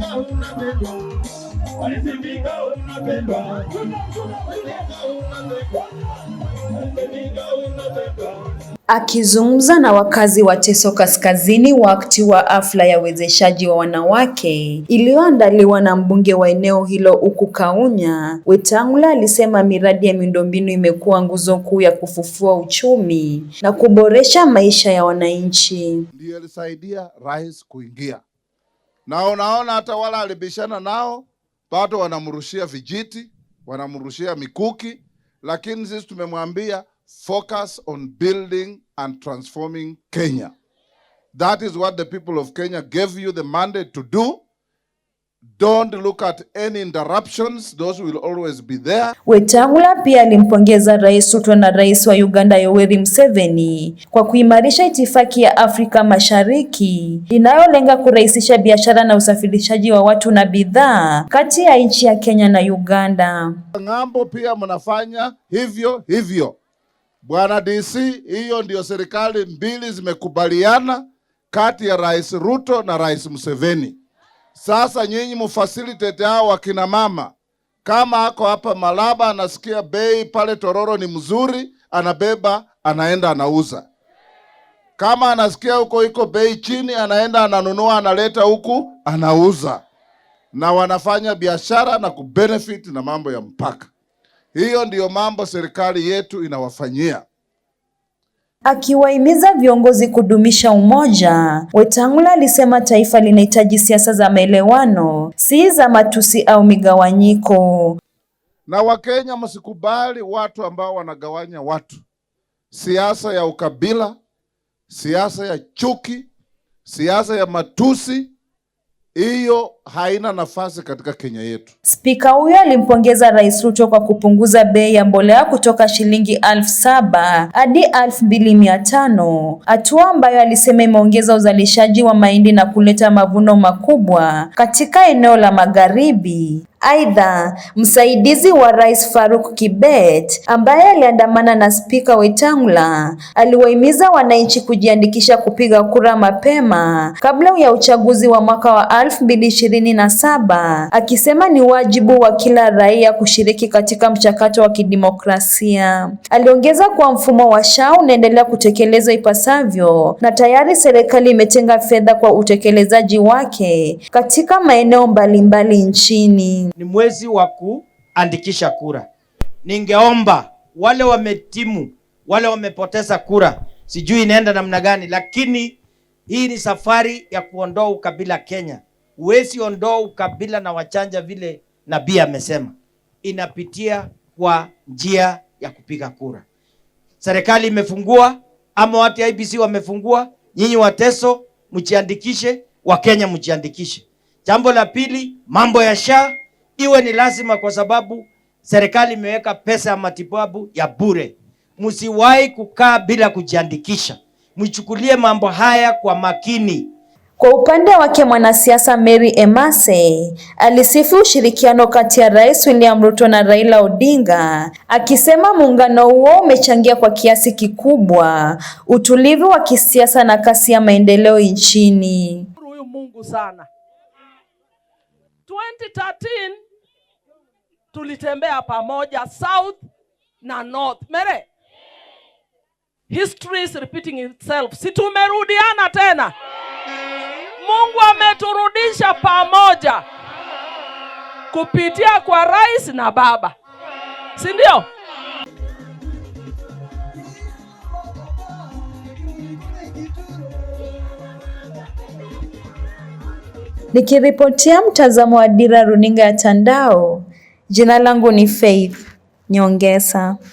unapendwa, unapendwa, unapendwa. Akizungumza na wakazi wa Teso Kaskazini wakati wa hafla ya uwezeshaji wa wanawake iliyoandaliwa na mbunge wa eneo hilo Uku Kaunya, Wetangula alisema miradi ya miundombinu imekuwa nguzo kuu ya kufufua uchumi na kuboresha maisha ya wananchi. Ndiyo ilisaidia rais kuingia na unaona hata wala alibishana nao bado wanamrushia vijiti, wanamrushia mikuki, lakini sisi tumemwambia focus on building and transforming Kenya. That is what the people of Kenya gave you the mandate to do. Don't look at any interruptions. Those will always be there. Wetangula pia alimpongeza Rais Ruto na Rais wa Uganda Yoweri Museveni kwa kuimarisha itifaki ya Afrika Mashariki inayolenga kurahisisha biashara na usafirishaji wa watu na bidhaa kati ya nchi ya Kenya na Uganda. Ng'ambo pia mnafanya hivyo hivyo. Bwana DC, hiyo ndiyo serikali mbili zimekubaliana kati ya Rais Ruto na Rais Museveni. Sasa nyinyi mufasilitate hao wakina mama, kama ako hapa Malaba anasikia bei pale Tororo ni mzuri, anabeba anaenda anauza. Kama anasikia huko iko bei chini, anaenda ananunua, analeta huku anauza, na wanafanya biashara na kubenefit na mambo ya mpaka. Hiyo ndiyo mambo serikali yetu inawafanyia. Akiwahimiza viongozi kudumisha umoja, Wetangula alisema taifa linahitaji siasa za maelewano, si za matusi au migawanyiko. Na Wakenya msikubali watu ambao wanagawanya watu, siasa ya ukabila, siasa ya chuki, siasa ya matusi hiyo haina nafasi katika Kenya yetu. Spika huyo alimpongeza Rais Ruto kwa kupunguza bei ya mbolea kutoka shilingi elfu saba hadi elfu mbili mia tano hatua ambayo alisema imeongeza uzalishaji wa mahindi na kuleta mavuno makubwa katika eneo la magharibi. Aidha, msaidizi wa Rais Faruk Kibet ambaye aliandamana na Spika Wetangula aliwahimiza wananchi kujiandikisha kupiga kura mapema kabla ya uchaguzi wa mwaka wa elfu mbili ishirini na saba akisema ni wajibu wa kila raia kushiriki katika mchakato wa kidemokrasia. Aliongeza kuwa mfumo wa SHA unaendelea kutekelezwa ipasavyo na tayari serikali imetenga fedha kwa utekelezaji wake katika maeneo mbalimbali nchini. Ni mwezi wa kuandikisha kura. Ningeomba wale wametimu, wale wamepoteza kura, sijui inaenda namna gani, lakini hii ni safari ya kuondoa ukabila Kenya. Huwezi ondoa ukabila na wachanja vile nabii amesema, inapitia kwa njia ya kupiga kura. Serikali imefungua ama watu IBC wamefungua, nyinyi Wateso mjiandikishe, Wakenya mjiandikishe. Jambo la pili, mambo ya SHA iwe ni lazima, kwa sababu serikali imeweka pesa ya matibabu ya bure. Msiwahi kukaa bila kujiandikisha, mchukulie mambo haya kwa makini. Kwa upande wake mwanasiasa Mary Emase alisifu ushirikiano kati ya Rais William Ruto na Raila Odinga, akisema muungano huo umechangia kwa kiasi kikubwa utulivu wa kisiasa na kasi ya maendeleo nchini. Huyu Mungu sana. 2013 tulitembea pamoja South na North. Mere. History is repeating itself. Si tumerudiana tena. Mungu ameturudisha pamoja kupitia kwa rais na baba, si ndio? Nikiripotia mtazamo wa Dira Runinga ya Tandao, jina langu ni Faith Nyongesa.